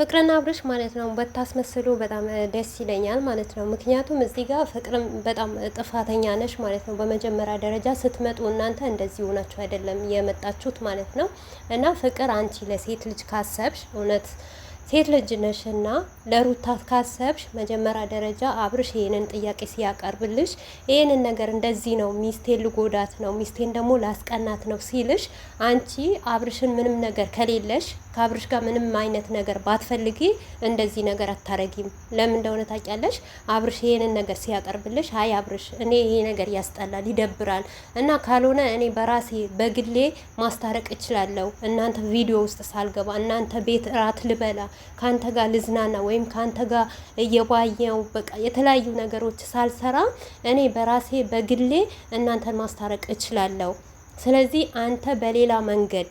ፍቅርና አብርሽ ማለት ነው በታስመስሉ በጣም ደስ ይለኛል ማለት ነው። ምክንያቱም እዚህ ጋር ፍቅርም በጣም ጥፋተኛ ነሽ ማለት ነው። በመጀመሪያ ደረጃ ስትመጡ እናንተ እንደዚህ ሆናችሁ አይደለም የመጣችሁት ማለት ነው። እና ፍቅር አንቺ ለሴት ልጅ ካሰብሽ እውነት ሴት ልጅ ነሽና ለሩታ ካሰብሽ መጀመሪያ ደረጃ አብርሽ ይህንን ጥያቄ ሲያቀርብልሽ ይህንን ነገር እንደዚህ ነው ሚስቴን ልጎዳት ነው ሚስቴን ደግሞ ላስቀናት ነው ሲልሽ አንቺ አብርሽን ምንም ነገር ከሌለሽ ከአብርሽ ጋር ምንም አይነት ነገር ባትፈልጊ እንደዚህ ነገር አታረጊም። ለምን እንደሆነ ታውቂያለሽ? አብርሽ ይሄንን ነገር ሲያቀርብልሽ፣ አይ አብርሽ እኔ ይሄ ነገር ያስጠላል፣ ይደብራል እና ካልሆነ እኔ በራሴ በግሌ ማስታረቅ እችላለሁ፣ እናንተ ቪዲዮ ውስጥ ሳልገባ፣ እናንተ ቤት እራት ልበላ፣ ከአንተ ጋር ልዝናና፣ ወይም ከአንተ ጋር እየባየው በቃ የተለያዩ ነገሮች ሳልሰራ እኔ በራሴ በግሌ እናንተን ማስታረቅ እችላለሁ። ስለዚህ አንተ በሌላ መንገድ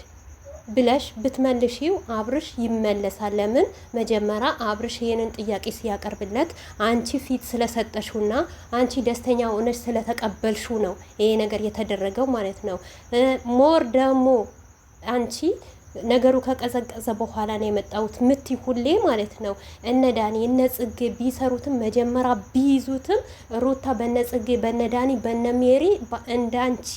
ብለሽ ብትመልሽው አብርሽ ይመለሳል። ለምን መጀመሪያ አብርሽ ይህንን ጥያቄ ሲያቀርብለት አንቺ ፊት ስለሰጠሽውና አንቺ ደስተኛ ሆነሽ ስለተቀበልሽው ነው ይሄ ነገር የተደረገው ማለት ነው። ሞር ደግሞ አንቺ ነገሩ ከቀዘቀዘ በኋላ ነው የመጣሁት። ምት ሁሌ ማለት ነው እነ ዳኒ እነ ጽጌ ቢሰሩትም መጀመሪያ ቢይዙትም ሩታ በነ ጽጌ በነ ዳኒ በነ ሜሪ እንዳንቺ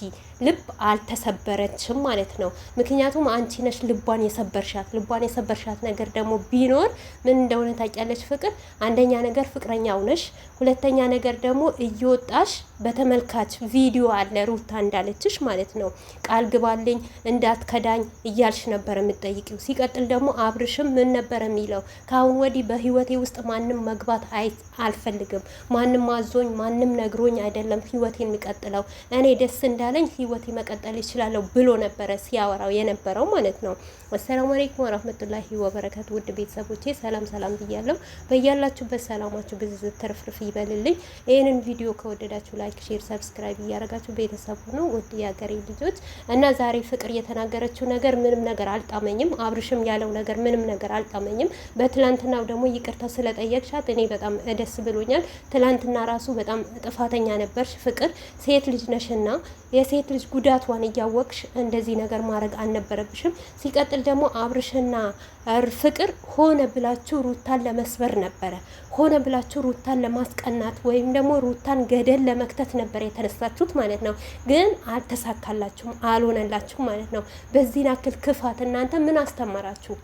ልብ አልተሰበረችም ማለት ነው። ምክንያቱም አንቺ ነሽ ልቧን የሰበርሻት። ልቧን የሰበርሻት ነገር ደግሞ ቢኖር ምን እንደሆነ ታውቂያለሽ ፍቅር፣ አንደኛ ነገር ፍቅረኛው ነሽ፣ ሁለተኛ ነገር ደግሞ እየወጣሽ በተመልካች ቪዲዮ አለ ሩታ እንዳለችሽ ማለት ነው። ቃል ግባልኝ እንዳትከዳኝ እያልሽ ነበር የምጠይቂው። ሲቀጥል ደግሞ አብርሽም ምን ነበር የሚለው? ከአሁን ወዲህ በህይወቴ ውስጥ ማንም መግባት አልፈልግም። ማንም አዞኝ፣ ማንም ነግሮኝ አይደለም ህይወቴ የሚቀጥለው እኔ ደስ እንዳለኝ ህይወቴ መቀጠል ይችላለሁ ብሎ ነበረ ሲያወራው የነበረው ማለት ነው። አሰላሙ አለይኩም ወራህመቱላሂ ወበረከቱ። ውድ ቤተሰቦቼ ሰላም ሰላም ብያለሁ። በያላችሁበት ሰላማችሁ ብዝዝ ትርፍርፍ ይበልልኝ። ይህንን ቪዲዮ ከወደዳችሁ ላይ ላይክ፣ ሼር፣ ሰብስክራይብ እያደረጋችሁ ቤተሰብ ሁኑ ውድ የሀገሬ ልጆች። እና ዛሬ ፍቅር የተናገረችው ነገር ምንም ነገር አልጣመኝም። አብርሽም ያለው ነገር ምንም ነገር አልጣመኝም። በትላንትናው ደግሞ ይቅርታ ስለጠየቅሻት እኔ በጣም ደስ ብሎኛል። ትላንትና ራሱ በጣም ጥፋተኛ ነበርሽ ፍቅር ሴት ልጅ ነሽና የሴት ልጅ ጉዳቷን እያወቅሽ እንደዚህ ነገር ማድረግ አልነበረብሽም። ሲቀጥል ደግሞ አብርሽና ፍቅር ሆነ ብላችሁ ሩታን ለመስበር ነበረ፣ ሆነ ብላችሁ ሩታን ለማስቀናት ወይም ደግሞ ሩታን ገደል ለመክተት ነበር የተነሳችሁት ማለት ነው። ግን አልተሳካላችሁም፣ አልሆነላችሁም ማለት ነው። በዚህን ያክል ክፋት እናንተ ምን አስተማራችሁ?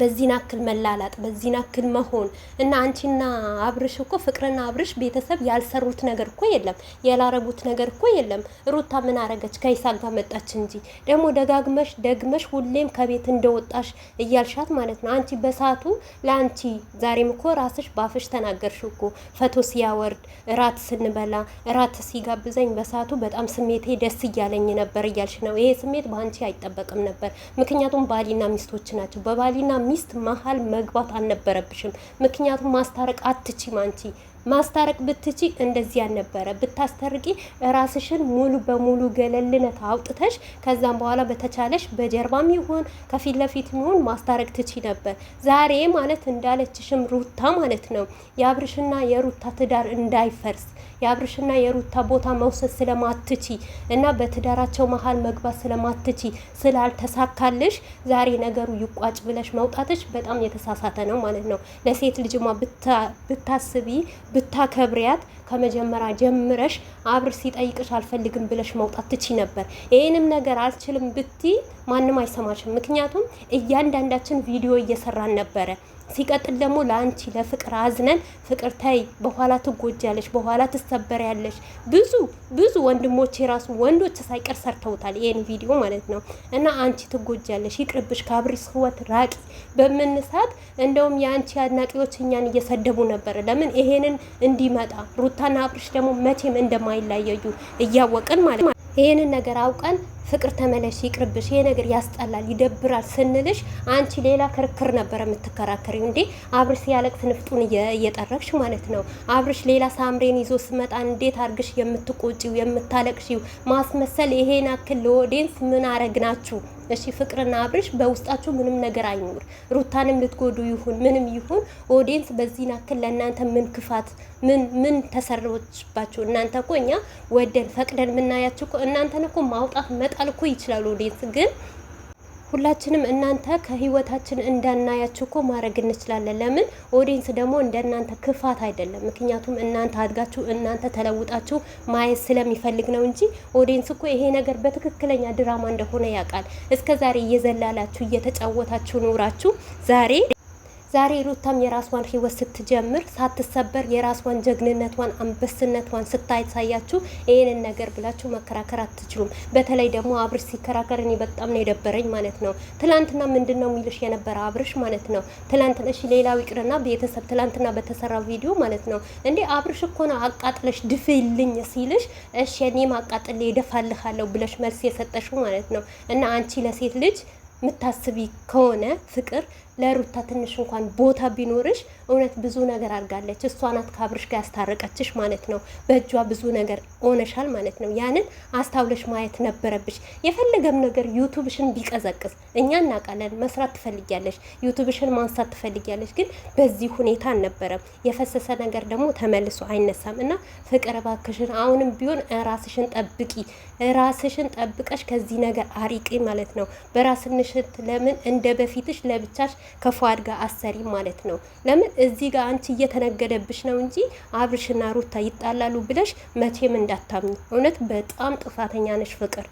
በዚህን አክል መላላጥ በዚህን አክል መሆን እና አንቺና አብርሽ እኮ ፍቅርና አብርሽ ቤተሰብ ያልሰሩት ነገር እኮ የለም፣ ያላረጉት ነገር እኮ የለም። ሩታ ምን አረገች? ከይሳቅ ጋር መጣች እንጂ ደግሞ ደጋግመሽ ደግመሽ ሁሌም ከቤት እንደወጣሽ እያልሻት ማለት ነው። አንቺ በሳቱ ለአንቺ ዛሬም እኮ ራስሽ ባፍሽ ተናገርሽ እኮ ፈቶ ሲያወርድ እራት ስንበላ እራት ሲጋብዘኝ በሳቱ በጣም ስሜቴ ደስ እያለኝ ነበር እያልሽ ነው። ይሄ ስሜት በአንቺ አይጠበቅም ነበር፣ ምክንያቱም ባሊና ሚስቶች ናቸው። በባሊና ሚስት መሀል መግባት አልነበረብሽም። ምክንያቱም ማስታረቅ አትችም አንቺ ማስታረቅ ብትቺ እንደዚህ ያልነበረ ብታስተርቂ ራስሽን ሙሉ በሙሉ ገለልነት አውጥተሽ ከዛም በኋላ በተቻለሽ በጀርባም ይሁን ከፊት ለፊት ይሁን ማስታረቅ ትቺ ነበር። ዛሬ ማለት እንዳለችሽም ሩታ ማለት ነው የአብርሽና የሩታ ትዳር እንዳይፈርስ የአብርሽና የሩታ ቦታ መውሰድ ስለማትቺ እና በትዳራቸው መሀል መግባት ስለማትቺ ስላልተሳካልሽ ዛሬ ነገሩ ይቋጭ ብለሽ መውጣትሽ በጣም የተሳሳተ ነው ማለት ነው። ለሴት ልጅማ ብታስቢ ብታከብሪያት ከመጀመሪያ ጀምረሽ አብር ሲጠይቅሽ አልፈልግም ብለሽ መውጣት ትቺ ነበር። ይህንም ነገር አልችልም ብቲ ማንም አይሰማሽም። ምክንያቱም እያንዳንዳችን ቪዲዮ እየሰራን ነበረ። ሲቀጥል ደግሞ ለአንቺ ለፍቅር አዝነን ፍቅር ተይ፣ በኋላ ትጎጃለሽ፣ በኋላ ትሰበሪያለሽ። ብዙ ብዙ ወንድሞች የራሱ ወንዶች ሳይቀር ሰርተውታል ይህን ቪዲዮ ማለት ነው። እና አንቺ ትጎጃለሽ፣ ይቅርብሽ፣ ከአብርሽ ህይወት ራቂ በምንሳት እንደውም የአንቺ አድናቂዎች እኛን እየሰደቡ ነበረ። ለምን ይሄንን እንዲመጣ ሩታና አብርሽ ደግሞ መቼም እንደማይለያዩ እያወቅን ማለት ነው። ይህንን ነገር አውቀን ፍቅር ተመለሽ፣ ይቅርብሽ፣ ይሄ ነገር ያስጠላል፣ ይደብራል ስንልሽ አንቺ ሌላ ክርክር ነበር የምትከራከሪው። እንዴ አብርሽ ሲያለቅስ ንፍጡን እየጠረግሽ ማለት ነው። አብርሽ ሌላ ሳምሬን ይዞ ስመጣ እንዴት አርግሽ የምትቆጪው የምታለቅሽው? ማስመሰል፣ ይሄን አክል ለወዴንስ ምን አረግናችሁ? እሺ ፍቅርና አብርሽ በውስጣችሁ ምንም ነገር አይኖር። ሩታንም ልትጎዱ ይሁን ምንም ይሁን ኦዲየንስ በዚህ ናክል ለእናንተ ምን ክፋት ምን ምን ተሰሮችባችሁ? እናንተ እኮ እኛ ወደን ፈቅደን የምናያችሁ እናንተን እኮ ማውጣት መጣል እኮ ይችላል ኦዲየንስ ግን ሁላችንም እናንተ ከህይወታችን እንዳናያችሁ እኮ ማድረግ እንችላለን። ለምን ኦዲንስ ደግሞ እንደ እናንተ ክፋት አይደለም። ምክንያቱም እናንተ አድጋችሁ እናንተ ተለውጣችሁ ማየት ስለሚፈልግ ነው እንጂ ኦዲንስ እኮ ይሄ ነገር በትክክለኛ ድራማ እንደሆነ ያውቃል። እስከ ዛሬ እየዘላላችሁ እየተጫወታችሁ ኑራችሁ ዛሬ ዛሬ ሩታም የራስዋን ህይወት ስትጀምር ሳትሰበር የራስዋን ጀግንነቷን አንበስነቷን ስታሳያችሁ ይህንን ነገር ብላችሁ መከራከር አትችሉም። በተለይ ደግሞ አብርሽ ሲከራከር እኔ በጣም ነው የደበረኝ ማለት ነው። ትላንትና ምንድን ነው የሚልሽ የነበረ አብርሽ ማለት ነው። ትላንትና እሺ፣ ሌላው ይቅርና ቤተሰብ ትላንትና በተሰራው ቪዲዮ ማለት ነው እንዴ አብርሽ እኮ ነው አቃጥለሽ ድፍልኝ ሲልሽ፣ እሺ እኔም አቃጥል ይደፋልሃለሁ ብለሽ መልስ የሰጠሽው ማለት ነው። እና አንቺ ለሴት ልጅ ምታስቢ ከሆነ ፍቅር ለሩታ ትንሽ እንኳን ቦታ ቢኖርሽ እውነት ብዙ ነገር አድርጋለች። እሷ ናት ከአብርሽ ጋር ያስታረቀችሽ ማለት ነው። በእጇ ብዙ ነገር ሆነሻል ማለት ነው። ያንን አስታውለሽ ማየት ነበረብሽ። የፈለገም ነገር ዩቱብሽን ቢቀዘቅዝ እኛ እናውቃለን። መስራት ትፈልጊያለሽ፣ ዩቱብሽን ማንሳት ትፈልጊያለሽ። ግን በዚህ ሁኔታ አልነበረም። የፈሰሰ ነገር ደግሞ ተመልሶ አይነሳም እና ፍቅር እባክሽን አሁንም ቢሆን ራስሽን ጠብቂ፣ ራስሽን ጠብቀሽ ከዚህ ነገር አሪቂ ማለት ነው። በራስንሽት ለምን እንደ በፊትሽ ለብቻሽ ከፏድ ጋር አሰሪ ማለት ነው። ለምን እዚህ ጋር አንቺ እየተነገደብሽ ነው እንጂ አብርሽና ሩታ ይጣላሉ ብለሽ መቼም እንዳታምኝ። እውነት በጣም ጥፋተኛ ነሽ ፍቅር